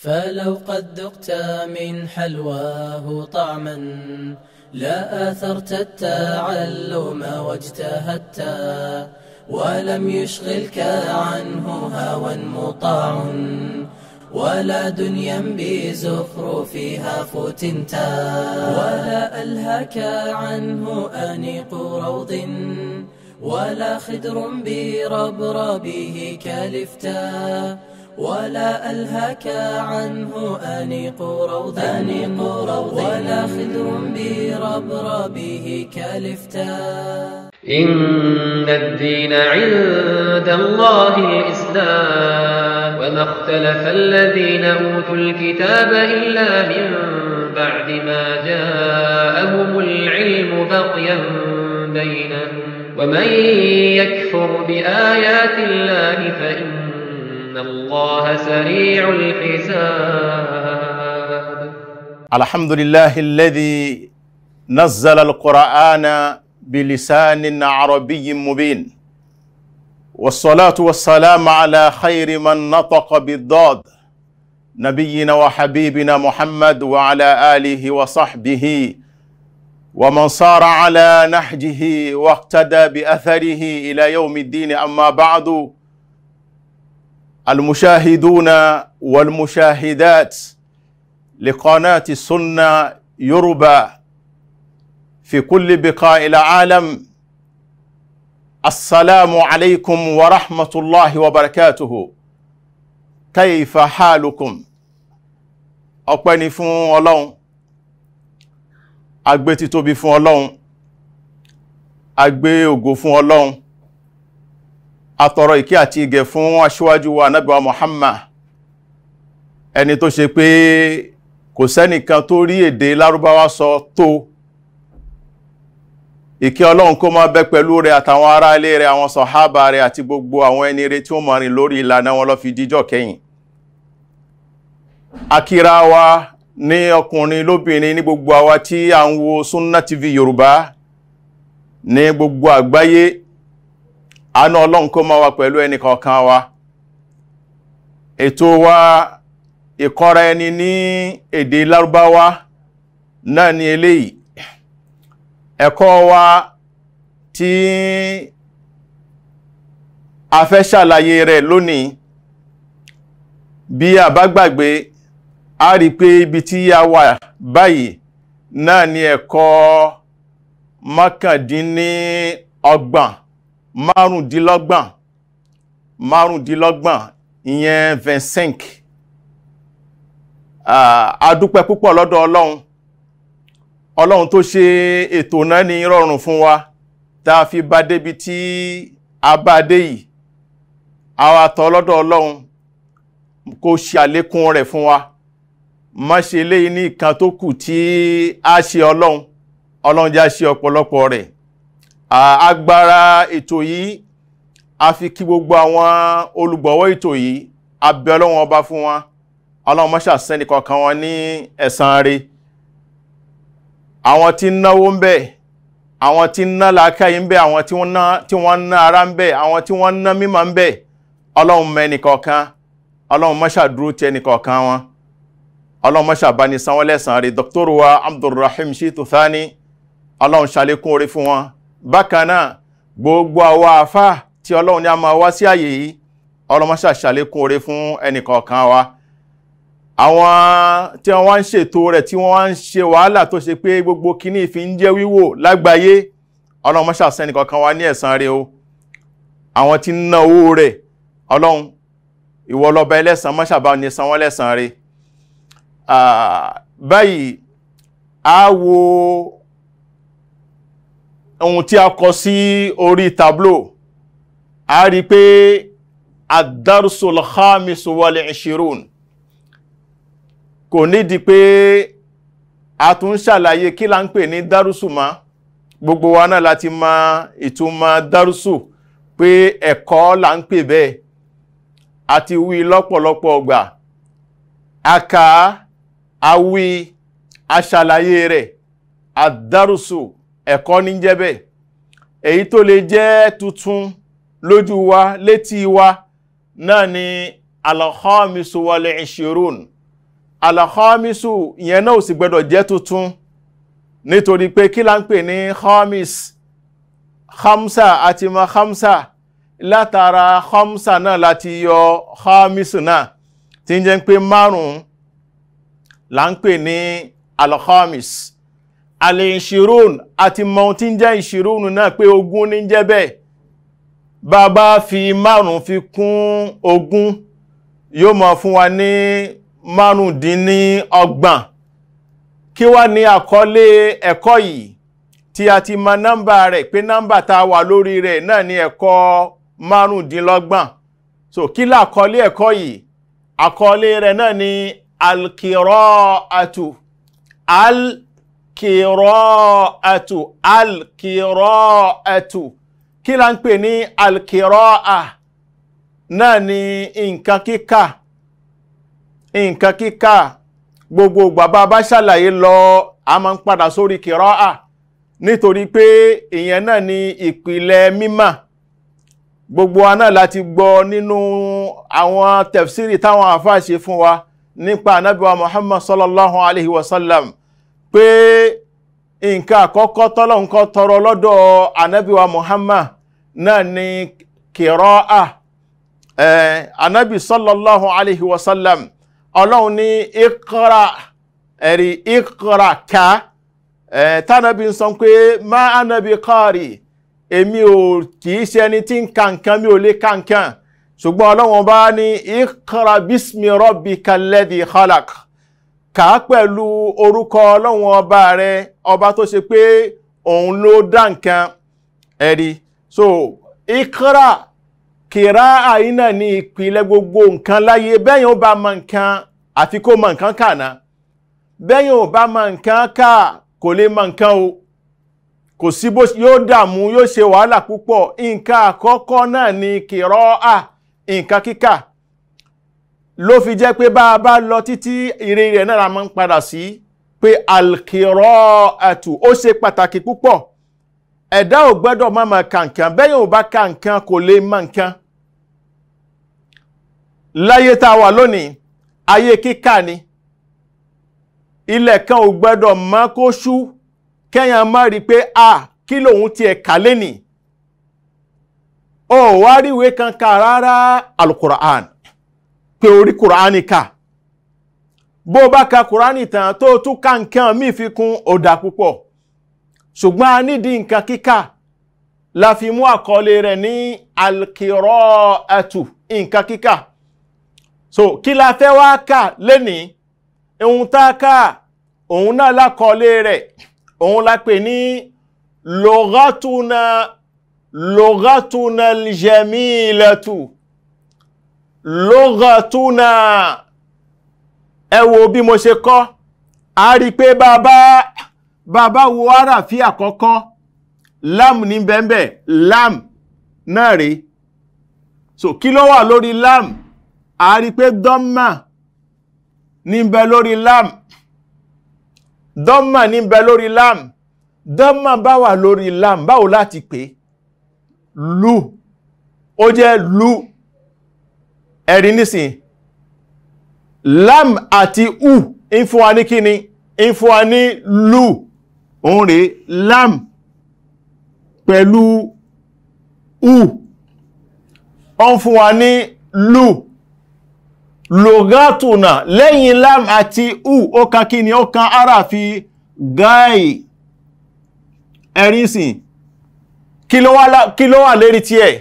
فلو قد ذقت من حلواه طعما لا آثرت التعلم واجتهدت ولم يشغلك عنه هوى مطاع ولا دنيا بزخرفها فتنت ولا ألهك عنه أنيق روض ولا خدر بربربه كلفتا ولا ألهك عنه أنيق روض أنيق روض ولا خدر بربربه كلفتا إن الدين عند الله الإسلام وما اختلف الذين أوتوا الكتاب إلا من بعد ما جاءهم العلم بغيا بينهم ومن يكفر بآيات الله فإن إن الله سريع الحساب الحمد لله الذي نزل القرآن بلسان عربي مبين والصلاة والسلام على خير من نطق بالضاد نبينا وحبيبنا محمد وعلى آله وصحبه ومن صار على نهجه واقتدى بأثره إلى يوم الدين أما بعد المشاهدون والمشاهدات لقناة السنة يربى في كل بقاع العالم السلام عليكم ورحمة الله وبركاته كيف حالكم أقبني فون ولون أقبتي توبي فون fún أقبي وقفون ògo atọ̀rọ̀ ìkẹ́ àti ìgẹ̀ fún aṣíwájú wa Ànábì wa Muhammad ẹni tó ṣe pé kò sẹ́nìkan tó rí èdè lárúbáwá sọ tó ìkẹ́ ọlọ́run kó máa bẹ pẹ̀lú rẹ̀ àtàwọn ará ilé rẹ̀ àwọn sọ̀hábà rẹ̀ àti gbogbo àwọn ẹni rẹ̀ tí ó máa rìn lórí ìlànà wọn lọ fi díjọ́ kẹ́yìn akíra wa ní ọkùnrin lóbìnrin ní gbogbo àwa tí à ń wo Sunna TV Yorùbá ní gbogbo àgbáyé àánú ọlọ́run kó máa wà pẹ̀lú ẹnìkọ̀ọ̀kan wa ètò wa ìkọ́ra ẹni ní èdè lárúbáwá náà ni eléyìí ẹ̀kọ́ wa tí a fẹ́ ṣàlàyé rẹ̀ lónìí bí a bá gbàgbé a rí pé ibi tí a wà báyìí náà ni ẹ̀kọ́ mọ́kàndínní ọgbọ̀n márùndínlọ́gbọ̀n márùndínlọ́gbọ̀n ìyẹn vincenc adúpẹ́ púpọ̀ lọ́dọ̀ ọlọ́run ọlọ́run tó ṣe ètò náà ní rọrùn fún wa tá a fi bá débi tí a bá dé yìí àwọn àtọ́ lọ́dọ̀ ọlọ́run kó ṣe àlékún rẹ̀ fún wa má ṣe léyìn ní ìkan tó kù tí a ṣe ọlọ́run ọlọ́run já ṣe ọ̀pọ̀lọpọ̀ rẹ̀ agbára ètò yìí a fi kí gbogbo àwọn olùgbọ̀wọ́ ètò yìí a bẹ̀ Ọlọ́run ọba fún wọn Ọlọ́run má ṣe sẹ́ni kankan wọn ní ẹ̀san rẹ̀ àwọn tí ń náwó ń bẹ̀ àwọn tí ń ná làákàyè ń bẹ̀ àwọn tí wọ́n ń ná ara ń bẹ̀ àwọn tí wọ́n ń ná mímọ̀ ń bẹ̀ Ọlọ́run mẹ́ni kọ̀ọ̀kan Ọlọ́run má ti ẹnì kọ̀ọ̀kan wọn Ọlọ́run má ṣàbánisánwó lẹ́san rẹ̀ Dr. wa Abdulrahim Shitu Thani Ọlọ́run ṣàlékún orí fún wọn bákanáà gbogbo àwọn àfá tí ọlọ́run ní a máa wá sí àyè yìí ọlọ́mọṣà ṣàlékún oore fún ẹnìkọ̀ọ̀kan wa àwọn tí wọ́n wá ń ṣètò rẹ̀ tí wọ́n wá ń ṣe wàhálà tó ṣe pé gbogbo kíní ìfi ń jẹ́ wíwò lágbàáyé ọlọ́mọṣà sẹ́nìkọ̀ọ̀kan wa ní ẹ̀san rẹ̀ o àwọn tí ń ná owó rẹ̀ ọlọ́run ìwọ lọ́ba ẹlẹ́san mọ́ṣàbá ní san wọ́n lẹ́san rẹ̀ báyìí a wo ohun tí a kọ sí orí tableau a rí pé ad-darsul khamis wal ishirun kò nídi pé a tún ṣàlàyé kí la ń pè ní dárúsù ma gbogbo wa náà láti ma ìtumọ̀ dárúsù pé ẹ̀kọ́ la ń pè bẹ́ẹ̀ àti wí lọ́pọ̀lọpọ̀ ọgbà aka awi aṣàlàyé rẹ̀ ad-darsu ẹ̀kọ́ ní jẹ́ bẹ́ẹ̀ èyí tó lè jẹ́ tuntun lójú wa létí wa náà ni alakọ́misu wọlé ìṣirún alakọ́misu ìyẹn náà sì gbọ́dọ̀ jẹ́ tuntun nítorí pé kí la ń pè ní khamis khamsa àti ma khamsa látara khamsa náà láti yọ khamisu náà tí ń jẹ́ pé márùn-ún la ń pè ní alakọ́misu alẹ́ ìṣirún àti mọ̀ tí ń jẹ́ ìṣirún náà pé ogún ní jẹ́ bẹ́ẹ̀ bàbá fi márùn fi kún ogún yóò máa fún wa ní márùndínlọ́gbọ̀n kí wá ní àkọlé ẹ̀kọ́ yìí tí a ti mọ̀ nọ́mbà rẹ̀ pé nọ́mbà tá wà lórí rẹ̀ náà ni ẹ̀kọ́ márùndínlọ́gbọ̀n so kí làkọlé ẹ̀kọ́ yìí àkọlé rẹ̀ náà ni alkirọ́ àtù al alkiraatu alkiraatu kí la ń pè ní alkiraa náà ni nǹkan kíkà nǹkan kíkà gbogbo bàbá bá ṣàlàyé lọ a máa ń padà sórí kiraa nítorí pé ìyẹn náà ni ìpìlẹ̀ mímọ̀ gbogbo wa náà láti gbọ́ nínú àwọn tafsiri táwọn àfáà ṣe fún wa nípa anábíwá muhammad sallallahu alaihi wasallam pé nǹkan àkọ́kọ́ tọ́lọ́nkọ́ tọrọ lọ́dọ̀ anábíwa Muhammad náà ni kìrọ́à anábì sallallahu alaihi wasallam ọlọ́run ní ikra ẹ̀rí ikra ká tánàbí ń sọ pé má anábì kọ́ọ̀rì èmi ò kìí ṣe ẹni tí ń ka mi ò lè ka ṣùgbọ́n ọlọ́run bá ní ikra bismi rabbika alladhi khalaq ka á pẹ̀lú orúkọ ọlọ́run ọba rẹ ọba tó ṣe pé òun ló dá nǹkan ẹ̀rí so ikra kìrá àyínà ní ìpìlẹ̀ gbogbo nǹkan láyé bẹ́yìn ó bá mọ nǹkan àfi kó mọ nǹkan kà náà bẹ́yìn ò bá mọ nǹkan kà kò lè mọ nǹkan o kò sí bó yóò dààmú yóò ṣe wàhálà púpọ̀ nǹkan àkọ́kọ́ náà ni kìrọ́ à nǹkan kíkà ló fi jẹ́ pé bá a bá lọ títí ire rẹ̀ náà máa ń padà sí pé alqira'atu ó ṣe pàtàkì púpọ̀ ẹ̀dá ò gbọ́dọ̀ má máa ka nǹkan bẹ́ẹ̀ yóò bá ka nǹkan kò lè má nǹkan láyé tá a wà lónìí ayé kíkà ni ilẹ̀ kan ò gbọ́dọ̀ má kó ṣú kẹ́yàn má rí i pé a kí lòun tiẹ̀ kà lẹ́nìí ó wá ríwèé kan kà rárá alukur'an pé orí kùránì kà bó bá ka kùránì tán tó tún ká nǹkan míì fi kún ọ̀dà púpọ̀ ṣùgbọ́n a nídìí nǹkan kíkà la fi mú àkọlé rẹ̀ ní alkirọ́ọ̀tù nǹkan kíkà so kí la fẹ́ wá kà lénìí ohun tá a kà òun náà lákọlé rẹ̀ òun la pè ní lọ́gàtúnà lọ́gàtúnà jẹ́mílẹ̀tù lughatuna ẹ wo bí mo ṣe kọ́ a rí i pé bàbá bàbá wo àràfí àkọ́kọ́ lam ní bẹ́ẹ̀bẹ́ lam náà rèé so kí ló wà lórí lam a rí i pé dọ́mà ní bẹ lórí lam dọ́mà ní bẹ lórí lam dọ́mà bá wà lórí lam báwo láti pè lù ó jẹ́ lù ẹ̀rí nísìn lam àti u ń fún wa ní kíni ń fún wa ní lu òun rèé lam pẹ̀lú u ó ń fún wa ní lu lògátùnà lẹ́yìn lam àti u ó kan kíni ó kan ara fi gáì ẹ̀rí sìn kí ló wà lérí tí ẹ̀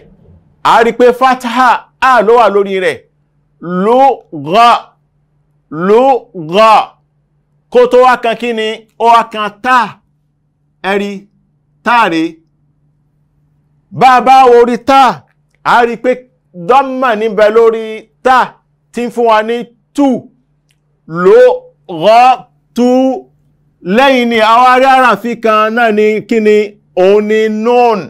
a rí pé fataha a ló wà lórí rẹ̀ lugha lugha kó tó wá kan kí ni ó wá kan táà ẹ̀rí táàrí bá bá orí táà a rí pé dọ́mà níbẹ̀ lórí táà tí ń fún wa ní tù lugha tú lẹ́yìn ni àwọn aráàràn fi kan náà ni kí ni òun ni nọ́ọ̀nù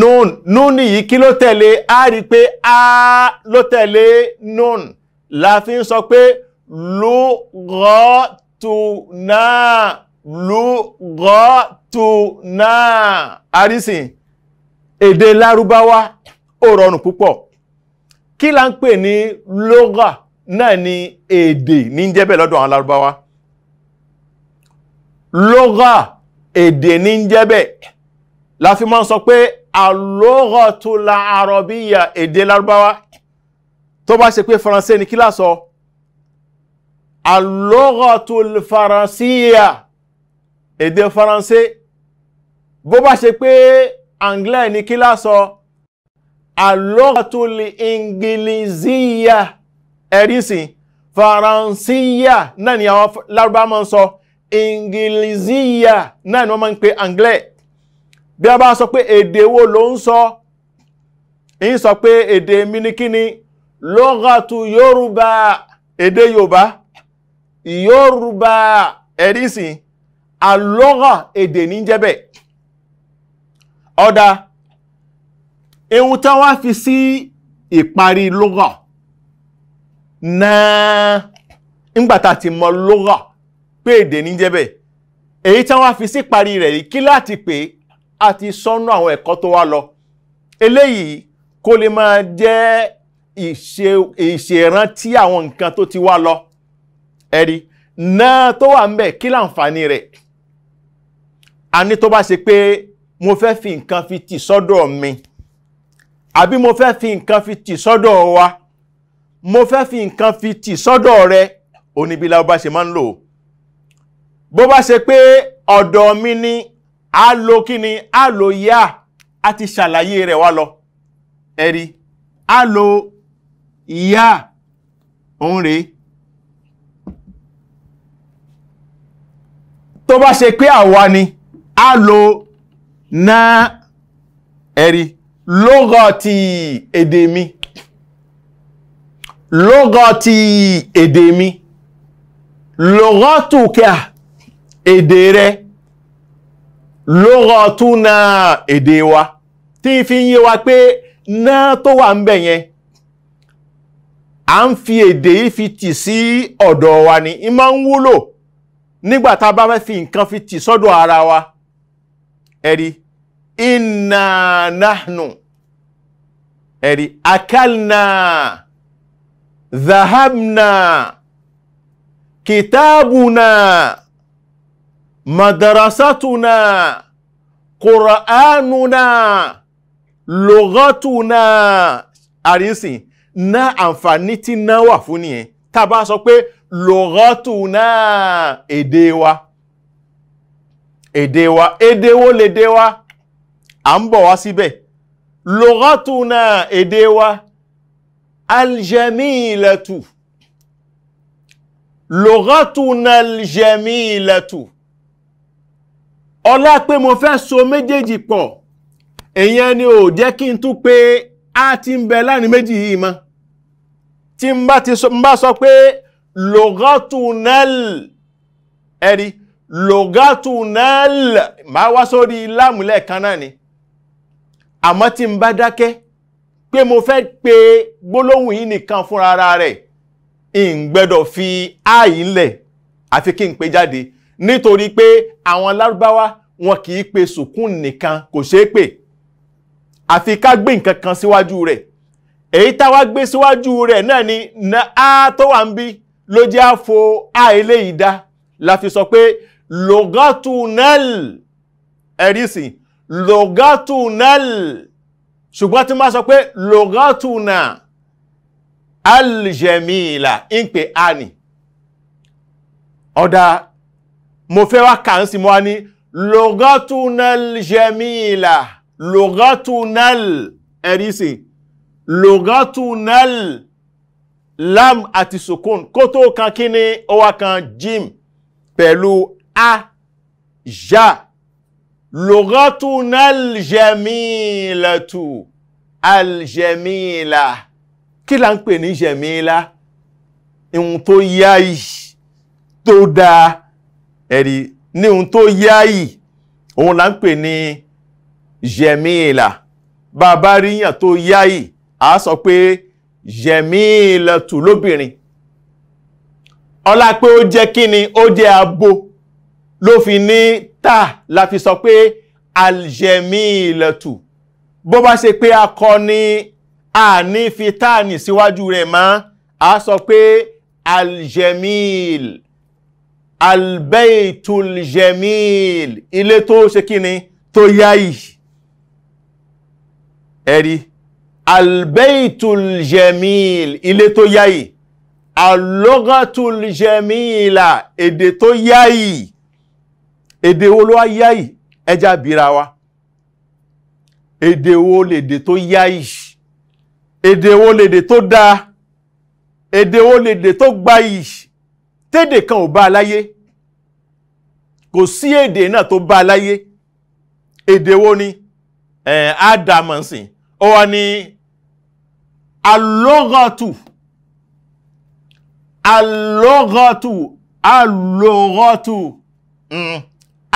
nun nuni yìí kí ló tẹ̀lé a rí pé a ló tẹ̀lé nun la fi ń sọ pé lughatuna lughatuna àrísìn èdè lárúbáwá ó rọrùn púpọ̀ kí la ń pè ní lugha náà ni èdè ní jẹ́bẹ̀ larubawa. àwọn ede lugha èdè ní jẹ́bẹ̀ la fi máa ń sọ pé al-lughatul arabiyya èdè lárúbáwá tó bá ṣe pé faransé ni kí la sọ al-lughatul faransiyya èdè faransé bó bá ṣe pé anglais ni kí la sọ al-lughatul ingiliziyya ẹ̀rí sìn faransíyà náà ni àwọn lárúbá máa ń sọ ingilizíyà náà ni wọ́n máa ń pe anglais bí a bá sọ pé èdè wo ló ń sọ ń sọ pé èdè mi ní kíni lọ́gàtù yorùbá èdè yorùbá yorùbá ẹ̀rísìn alọ́gà èdè ní jẹ́bẹ̀ ọ̀dà ihun tán wá fi sí ìparí lọ́gà náà ńgbàtà ti mọ lọ́gà pé èdè ní jẹ́bẹ̀ èyí tán wá fi sí ìparí rẹ̀ kí láti pè àti sọ́nù àwọn ẹ̀kọ́ tó wá lọ eléyìí kó lè máa jẹ́ ìṣèrántí àwọn nǹkan tó ti wá lọ ẹ̀rí náà tó wà ń bẹ̀ kí láǹfààní rẹ̀ a ní tó bá ṣe pé mo fẹ́ fi nǹkan fi tì sọ́dọ̀ mi àbí mo fẹ́ fi nǹkan fi tì sọ́dọ̀ wa mo fẹ́ fi nǹkan fi tì sọ́dọ̀ rẹ oníbílà bó bá ṣe máa ń lò bó bá ṣe pé ọ̀dọ̀ mi ni a lo kíni a lo ya a ti ṣàlàyé rẹ̀ wá lọ ẹ̀rí a lo ya òun rèé tó bá ṣe pé àwa ni a lo na ẹ̀rí lógọ́tì èdè mi lógọ́tì èdè mi lógọ́tùkà èdè rẹ̀ na èdè wa tí fi ń wa pé náà tó wà ń bẹ̀ yẹn ń fi èdè yìí fi tì sí ọ̀dọ̀ wa ni í máa ń wúlò nígbà bá fẹ́ fi nǹkan fi tì sọ́dọ̀ ara wa ẹ̀rí ẹ̀rí madarasatuna qur'anuna lughatuna àrínsìn ná àǹfààní tí ná wà fún nìyẹn tá a bá sọ pé lughatuna èdè wa èdè wa èdè wo lèdè wa à ń bọ̀ wá síbẹ̀ lughatuna èdè wa aljamilatu lughatuna aljamilatu ọlá pé mo fẹ́ so méjèèjì pọ̀ èyàn ni ò jẹ́ kí n tún pé a ti ń bẹ láàrin méjì yìí mọ́ tí n bá ti sọ pé lọ́gọ́tùnẹ́l ẹ̀rí lọ́gọ́tùnẹ́l máa wá sórí lámùlẹ̀ kan náà ni àmọ́ tí n bá dákẹ́ pé mo fẹ́ pe gbólóhùn yìí nìkan fúnra rẹ̀ ìgbẹ́dọ̀ fi áàyí ńlẹ̀ àfi kí n pè jáde nítorí pé àwọn lárúbáwá wọn kì í pe sùkún nìkan kò ṣeé pè àfi ká gbé nǹkan kan síwájú rẹ̀ èyí táwa gbé síwájú rẹ̀ náà ni na a tó wà ń bí ló jẹ́ àfo a eléyìí dá la fi sọ pé logatunel ẹ̀rí sìn logatunel ṣùgbọ́n tí máa sọ pé logatuna aljemila ń pè a nì ọ̀dà mo fẹ́ wá kà ń sí mo wá ní logatunal jemila logatunal ẹ̀rí sí logatunal lam àti sukun kó tó kan kí ni ó wá kan jim pẹ̀lú a ja logatunal jemila tu aljemila kí la ń pè ní jemila ohun tó yá yìí tó dáa ẹ̀rí ní ohun tó yáyì òun là ń pè ní jẹ̀míìlà bá a bá rí yàn tó yáyì à á sọ pé jẹ̀míìlà tù lóbìnrin ọlá pé ó jẹ́ kíni ó jẹ́ abo ló fi ní tà la fi sọ pé aljẹ̀míìlà tù bó bá ṣe pé akọni àní fi táàní síwájú rẹ̀ mọ́ a sọ pé aljẹ̀míìlà albaitul jamil ilé tó ṣe kíni tó yáyì ẹ̀rí albaitul jamil ilé tó yáyì allogatul jamila èdè tó yáyì èdè wo ló wá yáyì ẹjá bíra wa èdè wo lèdè tó yáyì èdè wo lèdè tó dáa èdè wo lèdè tó gbayì tédè kan ò bá a láyé kò sí èdè náà tó bá a láyé èdè wo ni ádámọ̀sìn ó wà ní alọ́gọ́tù alọ́gọ́tù alọ́gọ́tù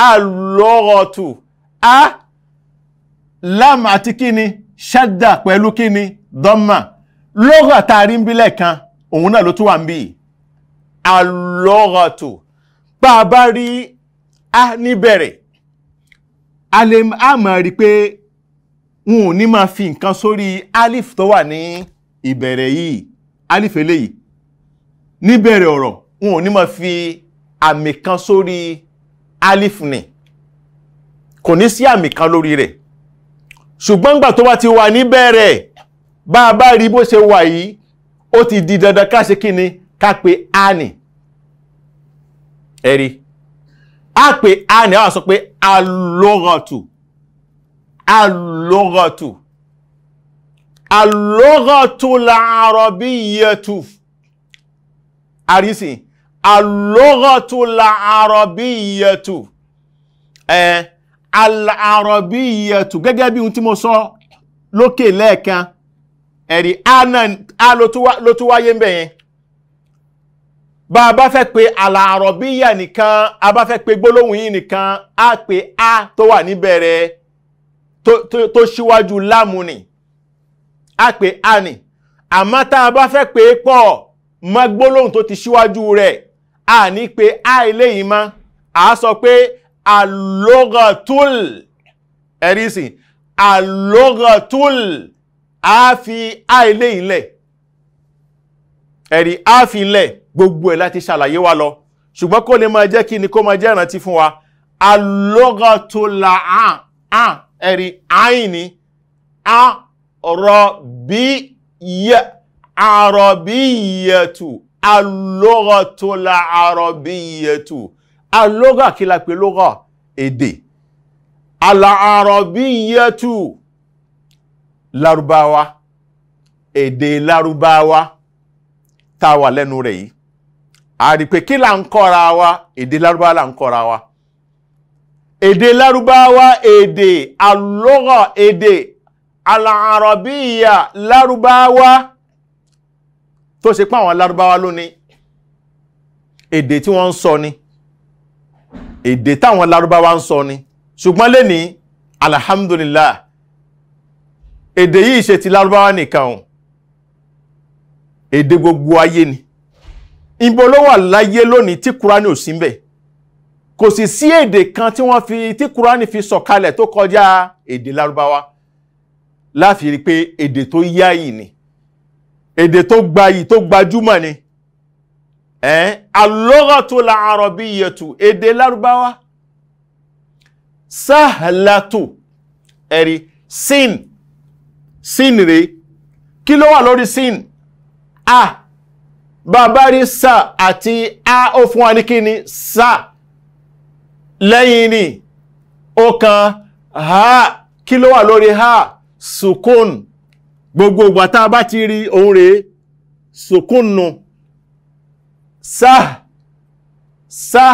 alọ́gọ́tù a lámà àti kíni ṣádà pẹ̀lú kíni dọ́mà lọ́gọ̀ tá a rí ń bílẹ̀ kan òun náà ló tún wà ń bí yìí alọ́rọ̀tò bá a bá rí a níbẹ̀rẹ̀ a lè máa rí pé wọn ò ní máa fi nǹkan sórí alif tó wà ní ìbẹ̀rẹ̀ yìí alif eléyìí níbẹ̀rẹ̀ ọ̀rọ̀ wọn ò ní máa fi àmì kan sórí alif ni kò ní sí àmì kan lórí rẹ̀ ṣùgbọ́n nígbà tó bá ti wà níbẹ̀rẹ̀ bá a bá rí bó ṣe wà yìí ó ti di dandan ká ṣe kí ni ká pe ani ẹ̀rí a pe ani a wà sọ pé alọ́rọ̀tù alọ́rọ̀tù alọ́rọ̀tù làárọ̀bíyẹtù àrísìn alọ́rọ̀tù làárọ̀bíyẹtù ẹ̀ alàárọ̀bíyẹtù gẹ́gẹ́ bí ohun tí mo sọ lókè lẹ́ẹ̀kan ẹ̀rí a náà a ló tún ń bẹ̀yẹn bá a bá fẹ́ pe àlàárọ̀bíyà nìkan a bá fẹ́ pe gbólóhùn yìí nìkan a pe a tó wà níbẹ̀rẹ̀ tó síwájú láàmù ni a pe a ni àmọ́ tá a bá fẹ́ pe pọ̀ mọ́ gbólóhùn tó ti síwájú rẹ̀ a ní pe a eléyìí mọ́ a sọ pé alógatul ẹ̀rí sìn alógatul a fi a eléyìí lẹ̀ ẹ̀rí a fi lẹ̀ gbogbo ẹ̀ láti ṣàlàyé wa lọ ṣùgbọ́n kó lè máa jẹ́ kí ni kó máa jẹ́ ìrántí fún wa alọ́gàtòlà àn àn ẹ̀rí àìn ni àrọ̀bíyẹ àrọ̀bíyẹtù alọ́gàtòlà àrọ̀bíyẹtù alọ́gà kí la pè lọ́gà èdè alàrọ̀bíyẹtù lárúbáwá èdè lárúbáwá tá lẹ́nu rẹ̀ yìí a rí pé kí là ń kọ́ra wa èdè lárúbáwá là ń kọ́ra wa èdè lárúbáwá èdè alọ́gọ̀ èdè alàrọ̀bíyà lárúbáwá tó ṣe pé àwọn lárúbáwá lónìí èdè tí wọ́n ń sọ ni èdè táwọn lárúbáwá ń sọ ni ṣùgbọ́n lẹ́nìí alhamdulillah èdè yìí ṣe ti lárúbáwá nìkan o èdè gbogbo ayé ni ìbò ló wà láyé lónìí tí kúránì ò sí mbẹ̀ kò sì sí èdè kan tí wọ́n fi tí kúránì fi sọ̀kalẹ̀ tó kọjá èdè lárúbáwá láfi rí pé èdè tó yáyì ni èdè tó gbayì tó gbajúmọ̀ ni al-lughatul arabiyyatu èdè lárúbáwá sahlatu ẹ̀rí sin sin rèé kí ló wà lórí sin a. Ah babari sa sà àti a ó fún wa ní kí ni sà lẹ́yìn ni ó kan ha kí ló wà lórí ha sukun gbogbo ìgbà tá a bá ti rí ohun rèé sukun nu sa sa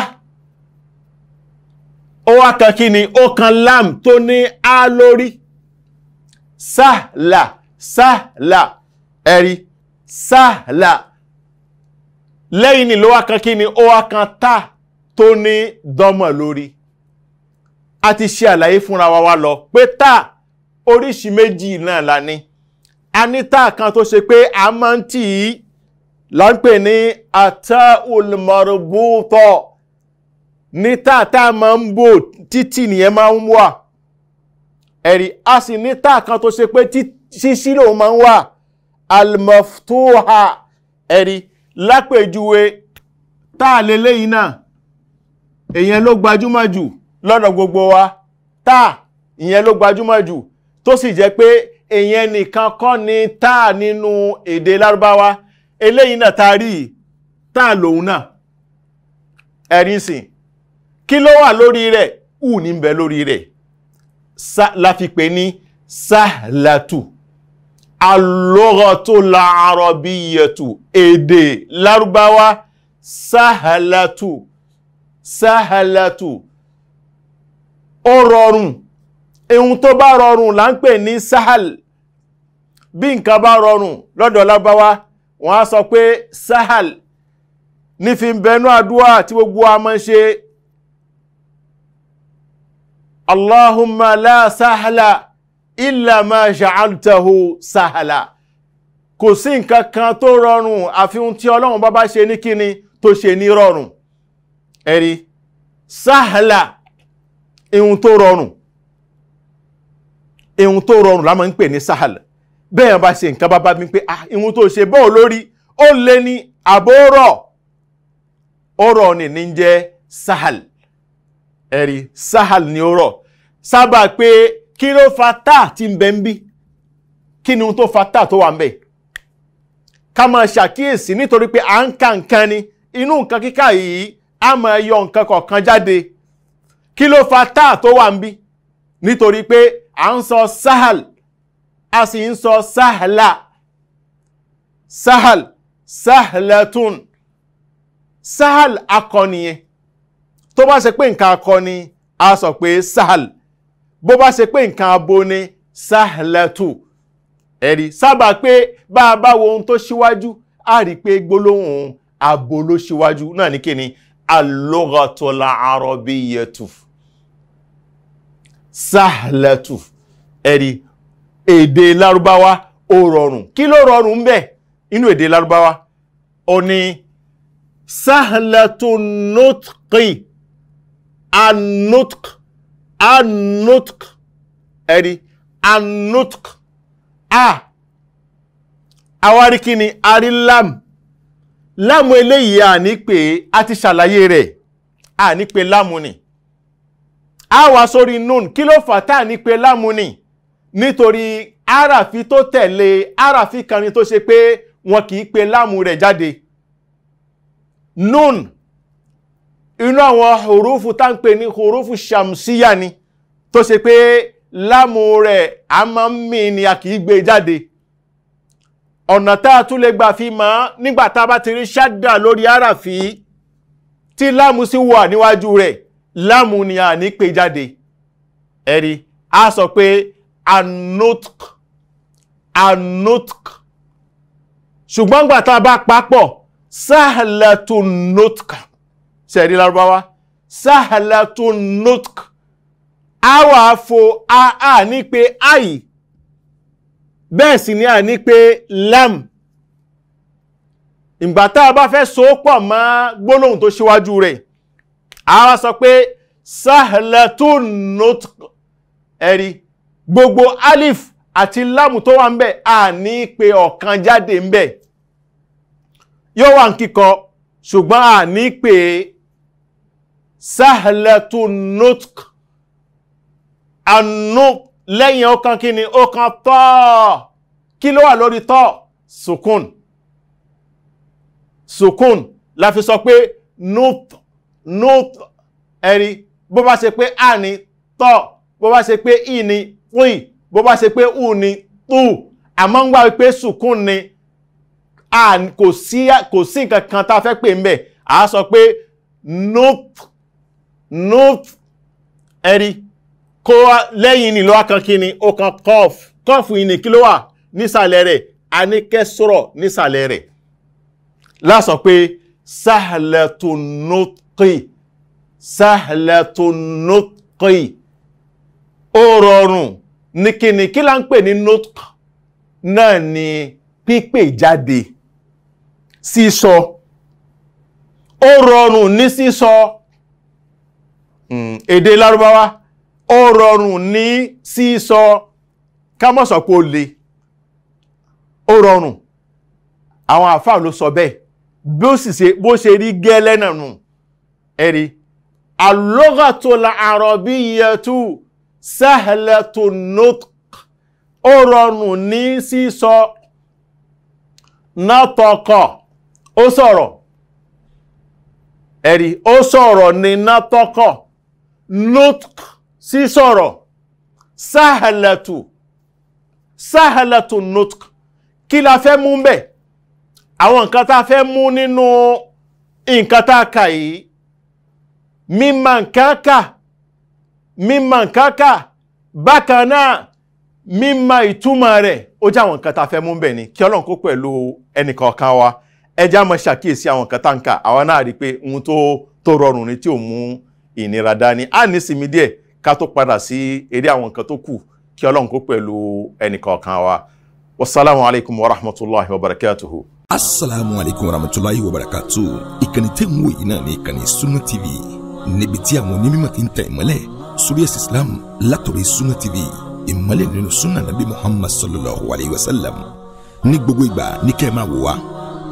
ó wá kan kí ni ó kan lam tó ní a lórí sa la sà là ẹ̀rí sà là lẹ́yìn ni ló wá kan kí ni ó wá kan tá tó ní dánmọ̀ lórí a ti ṣe àlàyé fúnra wa wa lọ pé tá oríṣi méjì náà la ní a ní tá kan tó ṣe pé a máa ń tì í là ń pè ní ataul marbuta ní tá tá máa ń bò títì nìyẹn máa ń wà ẹ̀rí a sì ní tá kan tó ṣe pé ṣíṣí lòun máa ń wà al maftuha ẹ̀rí lápèjúwe táà leléyìí náà èyàn ló gbajúmọ̀ jù lọ́dọ̀ gbogbo wa táà ìyẹn ló gbajúmọ̀ jù tó sì jẹ́ pé èyàn nìkan kọ́ ni táà nínú èdè lárúbáwá eléyìí náà ta rí táà lòun náà ẹ̀rín sìn kí ló wà lórí rẹ̀ ù ní bẹ lórí rẹ̀ la fi pè ní sáhlàtù alughatul arabiyyatu èdè lárúbáwá sáhàlátù sáhàlátù ó rọrùn ohun tó bá rọrùn là ń pè ní sáhàl bí nǹkan bá rọrùn lọ́dọ̀ lárúbáwá wọ́n á sọ pé sáhàl nífi bẹnu àdúwà tí gbogbo a mọ́ ṣe Allahumma la sahla illa ma ja'altahu sahala kò sí nǹkan kan tó rọrùn àfi ohun tí ọlọ́run bá bá ṣe ní kíni tó ṣe ní rọrùn ẹ̀rí sahala ihun tó rọrùn ihun tó rọrùn la máa ń pè ní sahala bẹ́ẹ̀ bá ṣe nǹkan bá bá mi pé ah ihun tó ṣe bọ́ọ̀ lórí ó lé ní àbórọ̀ ọ̀rọ̀ ni ní jẹ́ sahal ẹ̀rí sahal ni ó rọ̀ sábà pé kí ló fa táà tí ń bẹ ń bí kí ni ohun tó fa táà tó wà ń bẹ ká máa ṣàkíyèsí nítorí pé à ń ka nǹkan ni inú nǹkan kíkà yìí á máa yọ nǹkan kọ̀ọ̀kan jáde kí ló fa táà tó wà ń bí nítorí pé à ń sọ sahal a sì ń sọ sahla sahal sahlatun sahal akọni yẹn tó bá ṣe pé nǹkan akọni a sọ pé sahal bó bá ṣe pé nǹkan abo ni sahlatu ẹ̀rí sábà pé bá a bá wo ohun tó ṣíwájú a rí i pé gbólóhùn abo ló ṣíwájú náà ní kíni al-lughatul arabiyyatu sahlatu ẹ̀rí èdè lárúbáwá ó rọrùn kí ló rọrùn bẹ́ẹ̀ inú èdè lárúbáwá ó ní sahlatun nutqi an anotk ẹ̀rí anotk a àwárí kí ni a rí lam láàmú eléyìí à ní pé a ti ṣàlàyé rẹ̀ à ní pé láàmú ni a wá sórí nun kí ló fà tá à ní pé láàmú ni nítorí àràfi tó tẹ̀lé àràfi kan ni tó ṣe pé wọn kì í pe láàmú rẹ̀ jáde nun inú àwọn hurufu tá ń pè ní hurufu shamsiya ni tó ṣe pé lámù rẹ̀ a máa ń mì ní a kì í gbé jáde ọ̀nà tá a tún lè gbà fi mọ́ nígbà tá a bá ti rí ṣádà lórí àràfí tí lámù sì wà níwájú rẹ̀ lámù ni a ní pè jáde ẹ̀rí a sọ pé anotk anotk ṣùgbọ́n gbà tá a bá papọ̀ sahlatun notk sẹ́ẹ̀rí lárúbáwá sahlatun nutq àwa àfo àá ní pé àì bẹ́ẹ̀ sì ni à ní pé lam ìgbà tá a bá fẹ́ so pọ̀ mọ́ gbólóhùn tó ṣíwájú rẹ̀ àwa sọ pé sahlatun nutq ẹ̀rí gbogbo alif àti lámù tó wà ń bẹ̀ à ní pé ọ̀kan jáde ń bẹ̀ yóò wà ń kíkọ ṣùgbọ́n à ní pé sahlatu nutq anu lẹ́yìn ọkàn kí ni ọkàn tọ́ kí ló wà lórí tọ́ sukun sukun la fi sọ pé nut nut ẹ̀rí bó bá ṣe pé a ni tọ́ bó bá ṣe pé i ni tui bó bá ṣe pé u ni tu àmọ́ ń gbà wípé sukun ni a kò sí nǹkan kan tá a fẹ́ pè ń bẹ̀ à sọ pé nut nuf eri kó lẹ́yìn ní lọ́wọ́ kan kí ni ó kan kọ́f kọ́f yìí ni kí ló wà nísàlẹ̀ rẹ̀ a ní kẹ́sọ̀rọ̀ nísàlẹ̀ rẹ̀ lásọ pé sahlatun nutqi sahlatun nutqi ó rọrùn ní kí ni kí là ń pè ní nutq náà ni pípè jáde sísọ ó rọrùn ní sísọ. So Mm. èdè lárúbáwá ó rọrùn ní sísọ kámọ́sọ̀pọ̀ lè ó rọrùn àwọn àfáà ló sọ bẹ́ẹ̀ bí ó sì ṣe bó ṣe rí gẹ́lẹ́ náà nù ẹ̀rí alógàtòlà àrọ̀bíyẹtù sahlatun nutq ó rọrùn ní sísọ nátọkọ̀ ó sọ̀rọ̀ ẹ̀rí ó sọ̀rọ̀ ní nátọkọ̀ nutq sísọ̀rọ̀ sáhàlàtù sáhàlàtù nutq kí la fẹ́ mú bẹ̀ àwọn nǹkan tá fẹ́ mú nínú nǹkan tá kà yìí mímọ nǹkan kà mímọ nǹkan kà bákan náà mímọ ìtumọ̀ rẹ̀ ó jẹ́ àwọn nǹkan tá fẹ́ mú bẹ̀ ni kí ọlọ́run kó pẹ̀lú ẹnìkọ̀ọ̀kan wa ẹjá mọ ṣàkíyèsí àwọn nǹkan tá ń kà àwọn náà rí i pé ohun tó rọrùn ni tí ò mú ìnira dání á ní sinmi díẹ̀ ká tó padà sí eré àwọn nǹkan tó kù kí ọlọ́run kó pẹ̀lú ẹnìkọ̀ọ̀kan wa wasalaamu alaykum wa rahmatulahi wa barakatuhu. asalaamu alaykum wa rahmatulahi wa barakatuhu ìkànnì tẹ́ ń wò yìí náà ní ìkànnì Sunna TV níbi tí àwọn onímọ̀ ti ń tẹ̀ ìmọ́lẹ̀ suriyas islam látòrí Sunna TV ìmọ́lẹ̀ nínú sunna nabi muhammad sallallahu alayhi wa sallam ní gbogbo ìgbà ní kẹ́ ẹ máa wò wá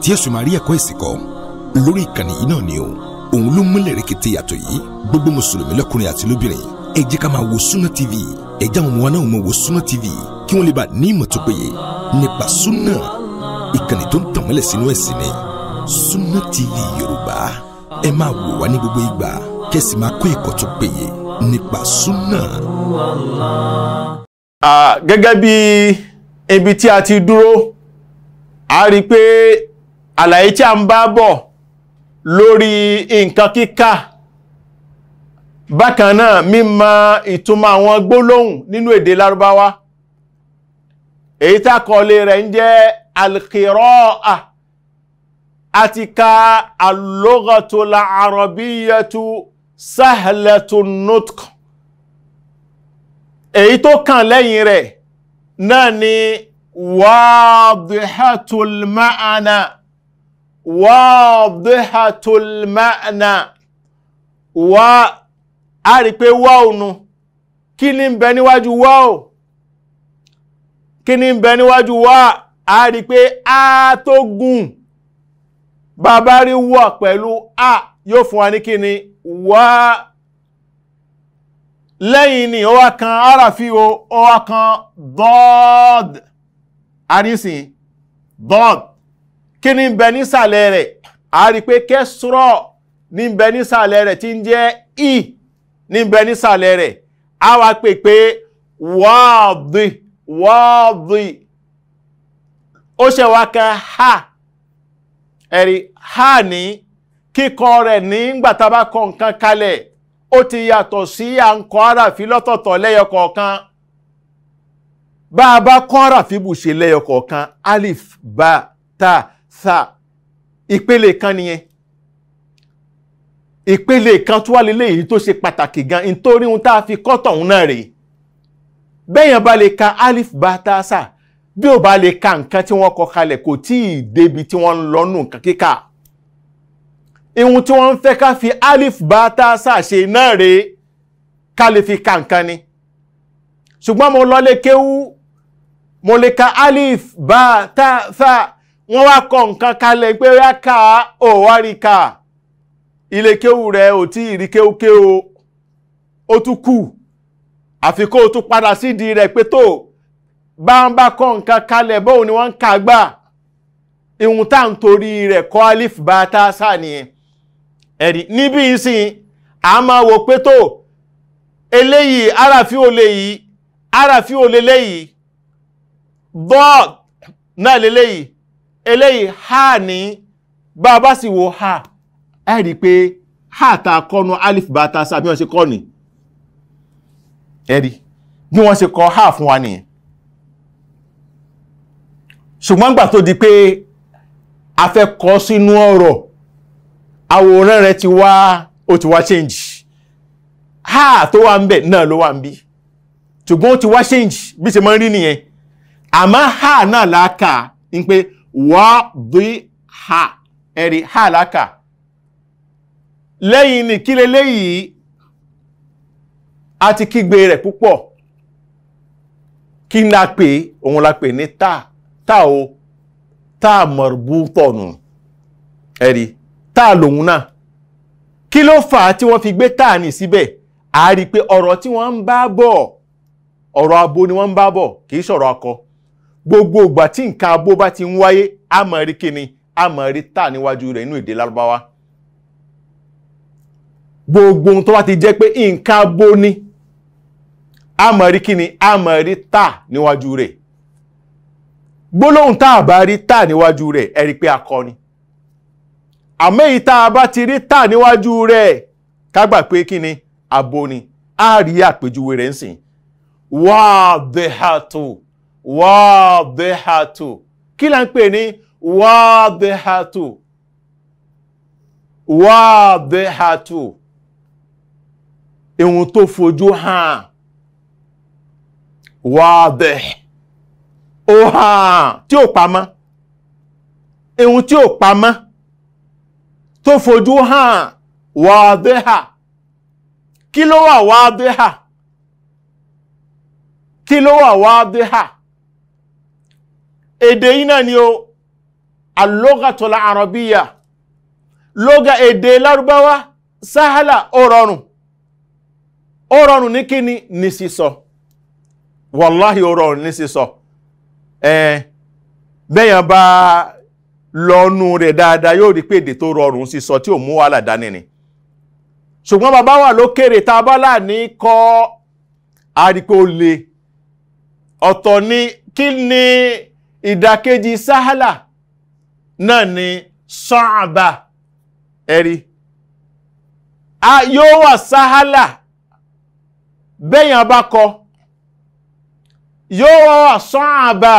tí ẹ máa rí ẹ̀kọ́ ìsìnkọ́ lórí ìkànnì yìí náà ni o òun ló múlẹ̀ rẹ̀kẹ̀tẹ̀ yàtọ̀ yìí gbogbo mùsùlùmí lọ́kùnrin àti lóbìnrin ẹ jẹ́ ká máa wo Sunna TV ẹ jẹ́ àwọn náà mọ̀ wo Sunna TV kí wọ́n lè bá ní ìmọ̀ tó péye nípa Sunna ìkànnì tó ń tàn sínú ẹ̀sìn ni Sunna TV Yorùbá ẹ máa wò wá ní gbogbo ìgbà kẹ́sì máa kó ẹ̀kọ́ tó péye nípa Sunna. gẹ́gẹ́ bí ibi tí a ti dúró a rí i pé àlàyé tí a ń bá bọ̀ lórí nǹkan kíkà bákan náà mímọ̀ ìtumọ̀ àwọn gbólóhùn nínú èdè lárúbáwá èyí tàkọlé rẹ̀ ń jẹ́ alkìrọ́à àti ka alógatòlà àrọ̀bíyàtú sáhẹ̀lẹ̀tù nutq èyí tó kàn lẹ́yìn rẹ̀ náà ni wàdìhàtùl wadihatul ma'na wá a rí pé wá ònu kí ni ń bẹ níwájú wá ò kí ni ń bẹ níwájú wá a rí pé a tó gùn bàbá rí wà pẹ̀lú a yóò fún wa ní kí ni wá lẹ́yìn ni ó kan arafi o ó kan dọ́ọ̀d arísìn dọ́ọ̀d kí ni ń bẹ nísàlẹ̀ rẹ̀ a rí pé kẹsùrọ̀ ní ń bẹ nísàlẹ̀ rẹ̀ tí ń jẹ́ i ní ń bẹ nísàlẹ̀ rẹ̀ a wá pè kan ha ẹ̀rí ha ní kíkọ rẹ̀ nígbà kọ kalẹ̀ ó ti yàtọ̀ sí à ń lọ́tọ̀ọ̀tọ̀ lẹ́yọ kọ̀ọ̀kan bá a bá kọ àràfí bù ṣe lẹ́yọ alif ba tha ìpele kan nìyẹn ìpele kan tó wà lélẹ̀ yìí tó ṣe pàtàkì gan nítorí ohun tá a fi kọ́ tọ̀hún náà rèé bẹ́yàn bá lè ka alif bá tá a sà bí ò bá lè ka nǹkan tí wọ́n kọ kalẹ̀ kò tí ì débi tí wọ́n ń lọ́nù nǹkan kíkà ihun tí wọ́n ń fẹ́ ká fi alif bá tá a sà ṣe náà rèé ká lè fi ka nǹkan ni ṣùgbọ́n mo lọ lè kéwú mo lè ka alif bá tá wọ́n wá kọ nǹkan kalẹ̀ pé ráka ò wá rí ka ilé kéwù rẹ̀ ò tí ì rí kéwúké o ó tún kù àfi kó tún padà sídìí rẹ̀ pé tó bá ń bá kọ nǹkan kalẹ̀ bóun ni wọ́n ń kà gbà ìhun tá à ń torí rẹ̀ kọ́ alif bá tá a sà nìyẹn ẹ̀rí níbí ìsìn a máa wò pé tó eléyìí aráàfin ò yìí aráàfin ò lè léyìí náà lè eléyìí ha ní bá bá sì wo ha ẹ rí pé ha ta kọ́nu alif bá ta sáà bí wọ́n ṣe kọ́ ní ẹ̀rí bí wọ́n ṣe kọ́ ha fún wa nìyẹn ṣùgbọ́n gbà tó di pé a fẹ́ kọ́ sínú ọ̀rọ̀ àwòrán rẹ̀ ti wá o ti wá change ha tó wa ń bẹ̀ náà ló wà ń bí ṣùgbọ́n ti wá change bí ṣe máa ń rí nìyẹn haa ha náà láàkà ń pé wadiha ẹ̀rí halaka lẹ́yìn ní kí leléyìí a ti kígbe rẹ̀ púpọ̀ kí n la pè òun la pè ní ta ta o ta marbutonu ẹ̀rí ta lòun náà kí ló fà á tí wọ́n fi gbé ta ní síbẹ̀ a rí pé ọ̀rọ̀ tí wọ́n ń bá bọ̀ ọ̀rọ̀ abo ni wọ́n ń bá bọ̀ kì ṣọ̀rọ̀ akọ gbogbo ìgbà tí nǹkan abó bá ti ń wáyé a máa rí kíni a máa rí tà níwájú rẹ̀ nínú èdè lárúbáwá gbogbo ohun tó bá ti jẹ́ pé nǹkan abó ni a máa rí kíni a máa rí tà níwájú rẹ̀ gbólóhùn tá a bá rí tà níwájú rẹ̀ ẹ rí pé akọni àmọ́ èyí tá a bá ti rí tà níwájú rẹ̀ ká gbà pé kíni abo ni a rí àpèjúwe rẹ̀ ń sìn wàá bẹ́hàtò. Wow, wàdíhàtù kí là ń pè ní wàdíhàtù wàdíhàtù ìhun tó fojú hàn wàdíh ó hàn tí ó pamọ́ ìhun tí ó pamọ́ tó fojú hàn wàdíhà kí ló wà wàdíhà kí ló wà wàdíhà èdè yìí náà ni o alógàtọ̀lá àrọ̀bíyà lóga èdè lárúbáwá sáhálà ó rọrùn ó rọrùn ní ni ní sísọ wàláhì ó rọrùn ní sísọ ẹ̀ẹ́ bẹ́yàn bá lọ́nu rẹ̀ dáadáa yóò rí pé èdè tó rọrùn sísọ tí ò mú wàhálà dání ni ṣùgbọ́n bàbá wà lókèrè tá a ní kọ́ àrípò lè ọ̀tọ̀ ni kí ni ìdàkejì sáhálà náà ni sọ́àbà ẹ̀rí a yóò wà sáhálà bẹ́yàn bá kọ yóò wà sọ́àbà